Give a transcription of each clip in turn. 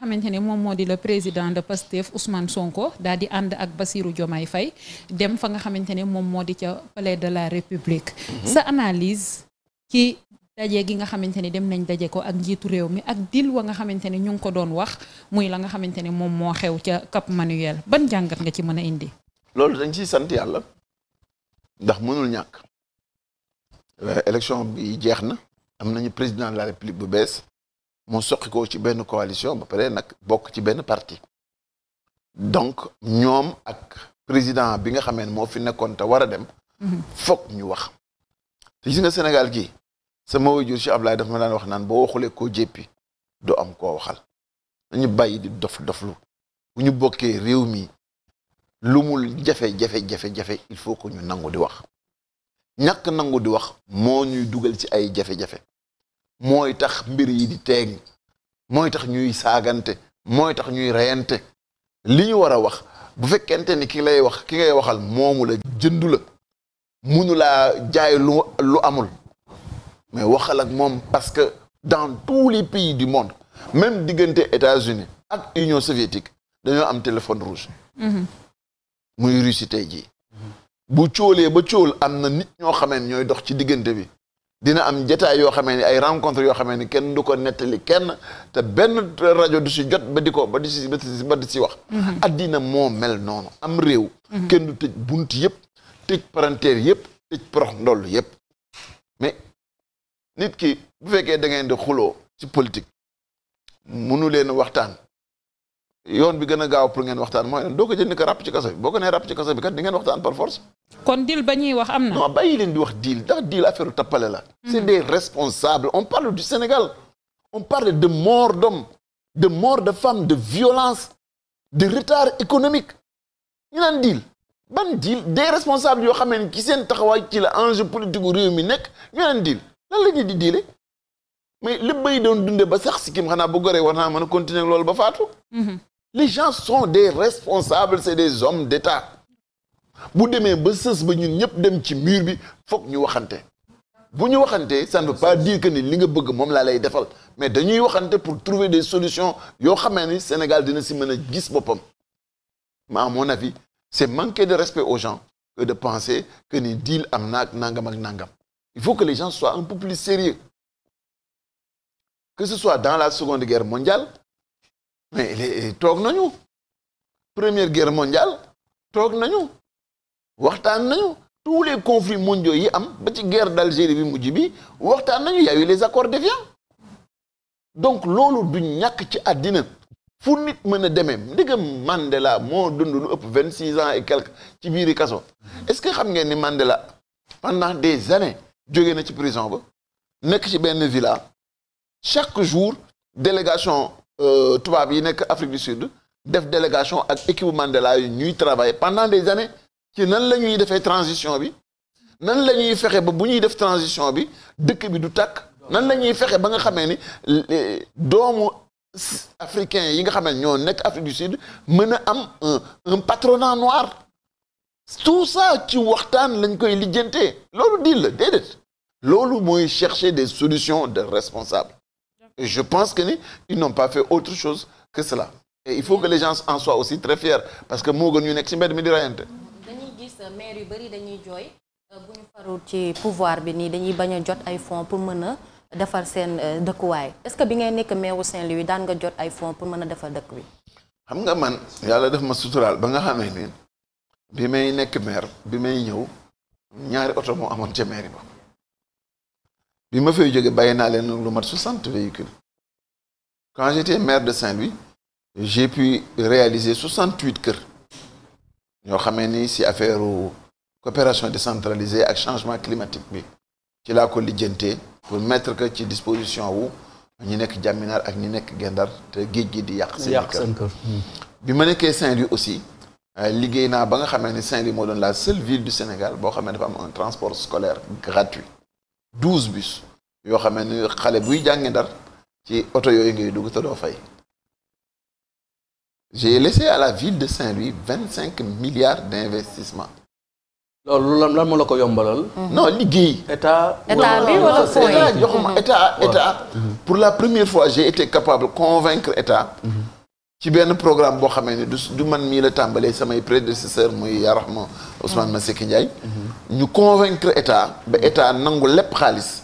xamante ne moom moo di le président de Pastef Ousmane Sonko dal di ànd ak Bassirou Diomaye fay dem fa nga xamante ne moom moo di ca palais de la République mhm. sa analyse ci daje gi nga xamante ne dem nañ daje ko ak njiitu réew mi ak dil wa nga xamante ne ñu ngi ko doon wax muy la nga xamante ne moom moo xew ca Cap Manuel ban jàngat nga ci mën a indi loolu dañ ciy sant yàlla ndax mënul ñàkk euh, élection bi jeex na am nañu président de la République bu bees mu soqi ko ci benn coalition ba pare nag bokk ci benn parti donc ñoom ak président bi nga xamee ne moo fi nekkoon te war a dem mhm. foog ñu wax te gis nga Sénégal gi sama waajur ci Ablaye daf ma daan wax naan boo waxulee koo jéppi du am koo waxal dañu bàyyi di dof doflu bu ñu bokkee réew mi lu mul jafe-jafe jafe-jafe il faut que ñu nangu di wax ñàkk nangu di wax moo ñuy dugal ci ay jafe-jafe mooy tax mbir yi di teeg mooy tax ñuy saagante mooy tax ñuy reyante li ñu war a wax bu fekkente ni ki lay wax ki ngay waxal moomu la jëndu la munu laa jaay lu lu amul mais waxal ak moom parce que dans tous les pays du monde même diggante États-Unis ak Union soviétique dañoo am téléphone rouge mm-hmm. muy Russie tey jii mm-hmm. bu cóolee ba cóol am na nit ñoo xameen ñooy dox ci diggante bi dina am jetaay yoo xamee ni ay rencontre yoo xamee ni kenn du ko nettali kenn te benn rajo du si jot ba di ko ba di si ba di si wax mhm. addina moo mel noonu am réew mhm. kenn du tëj bunt yëpp tëj parenteer yëpp tëj prox ndoll yëpp mais nit ki bu fekkee da ngeen di xuloo ci politique munu leen waxtaan yoon bi gën a gaaw pour ngeen waxtaan mooy doo ko jënd ko ràpp ci kaso bi boo ko nee ràpp ci kaso bi kat di ngeen waxtaan par force kon deal ba ñuy wax am na. non bàyyi leen di wax deal ndax deal affaire tappale la. Hmm. c'est des responsables on parle du Sénégal on parle de mort d'homme de mort de femme de violence de retard économique ñu naan deal ban deal des responsables yoo xam ne ki seen taxawaay ci la enjeu politique gu réew mi nekk ñu naan deal lan la di dealee mais li bay doon dundee ba sax si kim xanaa bu goree war naa mën a continuer loolu ba faatu. Hmm. les gens sont des responsables c'est des hommes d'État. bu demee ba sës ba ñu ñëpp dem ci mur bi foog ñu waxante bu ñu waxante ça ne veut pas dire que ni li nga bëgg moom laa lay defal mais dañuy waxante pour trouver des solutions yoo xamee ni Sénégal dina si mën a gis boppam mais à mon avis c'est manquer de respect aux gens que de penser que ni deal am naag nangam ak nangam il faut que les gens soient un peu sérieux que ce soit dans la seconde guerre mondiale mais toog nañu première guerre mondiale toog nañu waxtaan nañu tous les conflits mondiaux yi am ba ci guerre d'Algérie bi mujj bi waxtaan nañu yaayu les accords d'Évian donc loolu du ñàkk ci àddina fu nit mën a demee ndigam Mandela moo dund lu ëpp vingt six ans et quelque ci biir biiri kaso est-ce que xam ngeen ni Mandela pendant des années jóge na ci prison ba nekk ci benn villa chaque jour délégation euh, tubaab yi nekk Afrique du Sud def délégation ak équipe Mandela yi ñuy travailler pendant des années ci nan la ñuy defee transition bi nan la ñuy fexe ba bu ñuy def transition bi dëkk bi du tàkk nan la ñuy fexe ba nga xamee ni doomu africain yi nga xam ne ñoo nekk Afrique du Sud mën a am un un patronat noir tout ça ci waxtaan lañ koy lijjantee loolu di la déedéet loolu mooy chercher des solutions de responsables et je pense que ni ils n'ont pas fait autre chose que cela et il faut que les gens en soient aussi très fiers parce que moo gën ñu nekk ci mbedd mi di gis euh, maire yu bëri dañuy jooy euh, bu ñu ci pouvoir bi nii dañuy bañ a jot ay fonds pour mën a defar seen euh, dëkkuwaay est-ce que bi ngay nekk maire Saint-Louis daan nga jot ay fonds pour mën a defar dëkk bi. xam nga man yàlla def ma suturaal ba nga xamee ni bi may nekk maire bi may ñëw ñaari oto moo amoon ca maire ba bi ma fay jóge bàyyi naa leen lu mat 60 véhicules quand j'étais maire de Saint-Louis j'ai pu réaliser 68 kër. ñoo xamee ni si affaire coopération décentralisée ak changement climatique bi ci laa ko lijjante pour mettre que ci disposition wu ñu nekk jàmminaar ak ñu nekk gendar te géej gi di yàq si seen kër hmm. bi ma nekkee Saint-Louis aussi euh, liggéey naa ba nga xamee ni Saint-Louis moo doon la seule ville du Sénégal boo xamee dafa am un transport scolaire gratuit douze bus yoo xamee ni xale buy jàngi ndar ci oto yooyu ngay dugg te doo fay j'ai laissé à la ville de Saint-Louis vingt cinq milliards d'investissement loolu lan lan moo la ko yombalal. non liggéey. état état bi wala état joxuma mhm. état état. Mhm. pour la première fois j'ai été capable convaincre état. Mhm. ci benn programme boo xamee ne du du man mii la tàmbalee samay prédécesseur muy Yarahma Ousmane Massecky Ndiaye. ñu convaincre état ba état nangu lépp xaalis.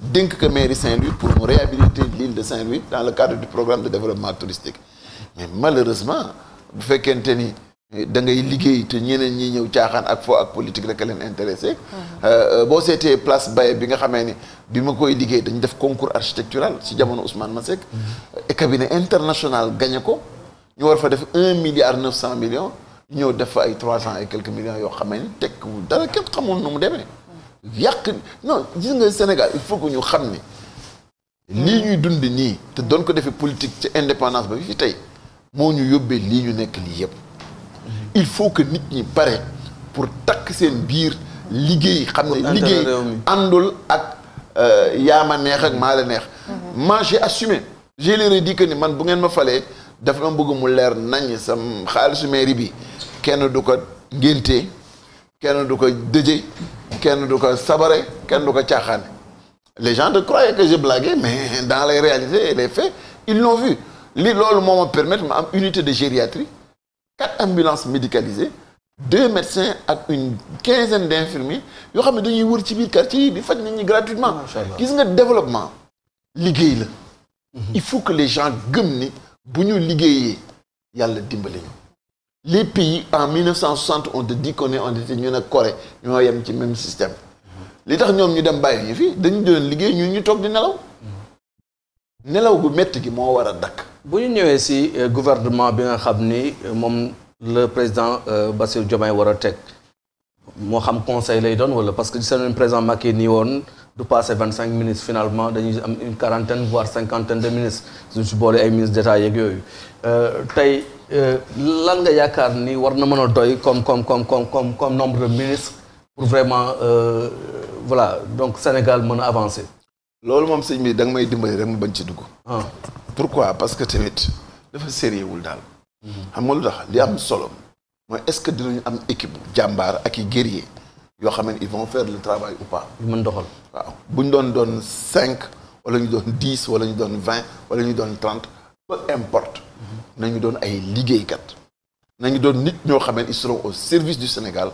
dénk ko mairie Saint-Louis pour mu réhabiliter l'île de Saint-Louis dans le cadre du programme mais malheureusement bu fekkente ni eh, da ngay liggéey te ñeneen ñi ñëw caaxaan ak foo ak politique rek a leen intéresé euh, euh, boo seetee place Baye bi nga xamee ne bi ma koy liggéey dañu def concours architectural ci jamono Ousmane Masseck. Mm-hmm. et cabinet international gañe ko. ñu war fa def un milliard cent millions. ñëw def fa ay trois cent et quelques millions yoo xam ne tekkiwul dara kenn xamul nu mu demee. yàq non gis nga Sénégal il faut que ñu xam ni lii ñuy dund nii te doon ko defee politique ci indépendance ba fi tey. moo ñu yóbbee lii ñu nekk lii yëpp il faut que nit ñi pare pour takk seen biir liggéey xam ne liggéey àndul ak euh, yaam ma neex ak maa la neex man mhm. j'ai assumé j'ai leur ai dit ni man bu ngeen ma falee dafa ma bëgg mu leer nañ sa xaalisu mairie bi kenn du ko ngénte kenn du ko dëje kenn du ko sabare kenn du ko caaxaane les gens te croyaient que je blaguais mais dans lay réalités et les faits ils l'ont vu li loolu moom ma permettre ma am unité de gériatrie quatre ambulances médicalisées deux médecins ak une quinzaine d' infirmiers yoo xam ne dañuy wër ci biir quartier yi di faj nit ñi gratuitement gis nga développement liggéey la il faut que les gens gëm ni bu ñu liggéeyee yàlla dimbali ñu les pays en 1960 on te dit qu'on est endetté ñu ne Corée ñoo yem ci même système li tax ñoom ñu dem bàyyi ñu fi dañu doon liggéey ñu ñu toog di nelaw mm-hmm. nelaw gu metti gi moo war a dakk bu ñu ñëwee si euh, gouvernement bi nga xam ni euh, moom le président euh, Bassirou Diomaye war a teg moo xam conseil lay doon wala parce que gis nañu président Macky nii woon du passé vingt cinq finalement dañuy am une quarantaine voire cinquantaine de ministres suñ si boole ay ministres d'État yeeg yooyu tey lan nga yaakaar ni war na mën a doy comme comme comme comme comme comme nombre de ministres pour vraiment voilà donc Sénégal mën a avancer. loolu moom sëñ bi da nga may dimbali rek mu bañ ci dugg. Ah. pourquoi parce que tamit dafa sérieux wul daal. xam nga lu tax li am solo mooy est-ce que dinañu am équipe jàmbaar ak i guerrier yoo xam ne ils vont faire le travail ou pas. ñu mën doxal waaw bu ñu doon doon cinq wala ñu doon dix wala ñu doon vingt wala ñu doon trente peu importe mhm. nañu doon ay liggéeykat. nañu doon nit ñoo xamee ils seront au service du Sénégal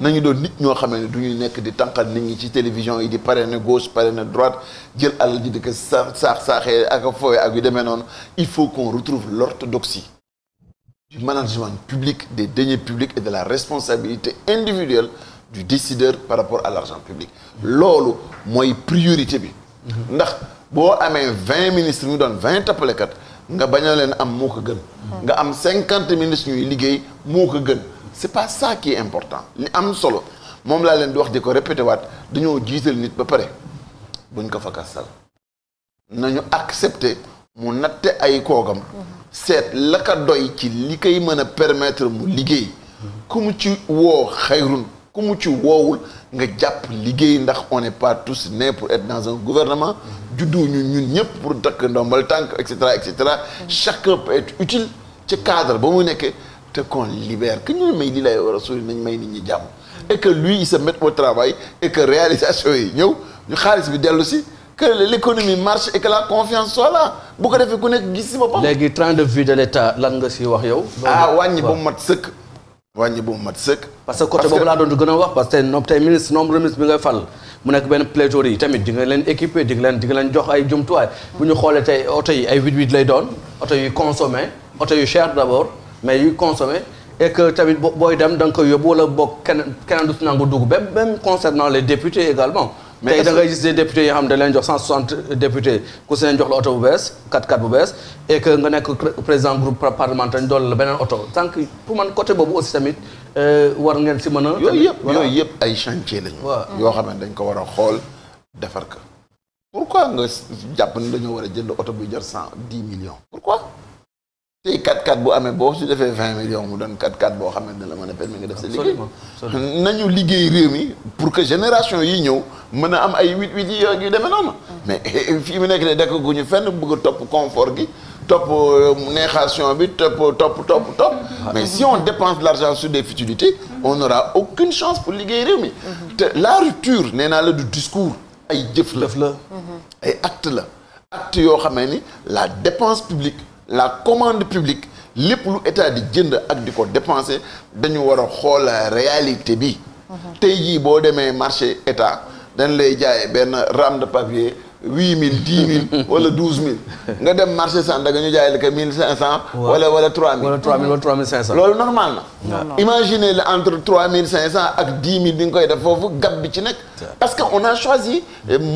nañu doon nit ñoo xamee ne duñu nekk di tànqal nit ñi ci télévision yi di parrainer gauche parrainer droit jël alal ji di ko saax saaxee ak fooy ak yu demee noonu il faut qu'on retrouve l'orthodoxie du management public des deniers publics et de la responsabilité individuelle du décideur par rapport à l'argent public loolu mooy priorité bi mm-hmm. ndax boo amee vingt ministres ñu doon vingt tappalekat nga bañ a leen am moo ko gën nga am cinquante ministres ñuy liggéey moo ko gën c'est pas ça important li am solo moom laa leen di wax di ko répété waat dañoo jiital nit ba pare buñ ko fa kasal nañu accepter mu natte ay koogam seet la ka doy ci li koy mën a permettre mu liggéey ku mu ci woo xayrun ku mu ci woowul nga jàpp liggéey ndax on n'est pas tous nés pour être dans gouvernement juddoo ñu ñun ñëpp pour dakk ndombal tànk et cetera et cetera chacun peut être ci cadre ba mu nekkee te qu'on libère que ñu may li lay war a suuri nañ may nit ñi jàmm et que lui il se mette au travail réalisation yi ñëw ñu xaalis bi dellu si que l'économie marche et que la confiance soit là bu ko defee ku nekk gis si léegi train de vie de l'État lan nga si wax yow. ah wàññi ba mu mat sëkk. wàññi ba mu mat sëkk. parce que côté laa doon gën a wax parce que tey ministre nombre ministre bi nga fal. mu nekk benn pléthore yi tamit di nga leen équipe di nga leen di nga jox ay jumtuwaay bu ñu xoolee tey oto yi ay 8-8 lay doon oto yu consommé oto yu cher d'abord mais yu consommé et que tamit booy dem da nga koy yóbbu wala boog keneen keneen du si nangu dugg même même concernant les députés également mais tey da ngay gis des députés yoo xam ne da leen jox 160 députés ku si jox la oto bu bees 4 x bu bees et que nga nekk président groupe parlementaire ñu dool la beneen oto tant que pour man côté boobu aussi tamit euh, war ngeen si mën a. yooyu yëpp yooyu yëpp ay chantier lañu. waaw yoo xam ne dañ ko war a xool defar ko. pourquoi nga jàpp ne dañoo war a jënd oto buy jar cent dix millions. pourquoi. tey 4x4 bu amee boo su defee 20 millions mu doon 4 x boo xam ne dina la mën a permettre nga def sa liggéey. nañu liggéey réew mi pour que génération yi ñëw. mën a am ay wit wit yi yu demee noonu. mais eh, fii mu nekk de dekk gu ñu fenn bëgg topp confort gi topp euh, néexation bi topp topp topp topp. mais si on dépense l'argent sur des futilités. on n'aura aucune chance pour liggéey réew mi. te la rupture nee naa la du discours. ay jëf la la ay acte la act yoo xam ne ni la dépense publique la commande publique lépp lu état di jënd ak di ko dépenser dañu war a xool réalité bi. Mhm. te jii boo demee marché état. dañ lay jaay benn rame de papier huit mille dix mille wala douze mille nga dem marché Sandaga ñu jaay la que mille cinq cent wala wala trois mille wala trois mille wala trois mille cinq cent normal na imaginez le entre trois mille cinq cent ak dix mille di nga koy def foofu gab bi ci nekk parce que on a choisi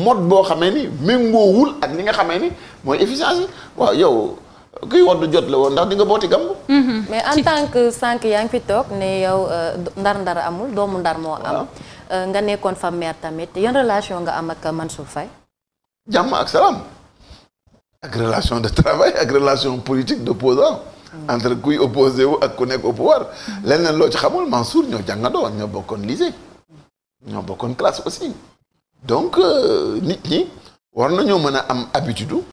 mode boo xamee ni méngoowul ak li nga xamee ni mooy efficience yi waaw yow kuy wodd jot la woon ndax di nga booti gàmb mm-hmm. mais en tant que sànq yaa ngi fi toog ne yow euh, ndar ndar amul doomu ndar moo am Euh, nga nekkoon fa maire tamit yan relation nga am ak Mansour Faye jàmm ak salaam ak relation de travail ak relation politique d'opposant mm. entre kuy opposé wu ak ku nekk au pouvoir mm. leneen loo ci xamul Mansour ñoo jàngandoo ñoo bokkoon lycée ñoo bokkoon classe aussi donc euh, nit ñi war nañoo mën a am habitude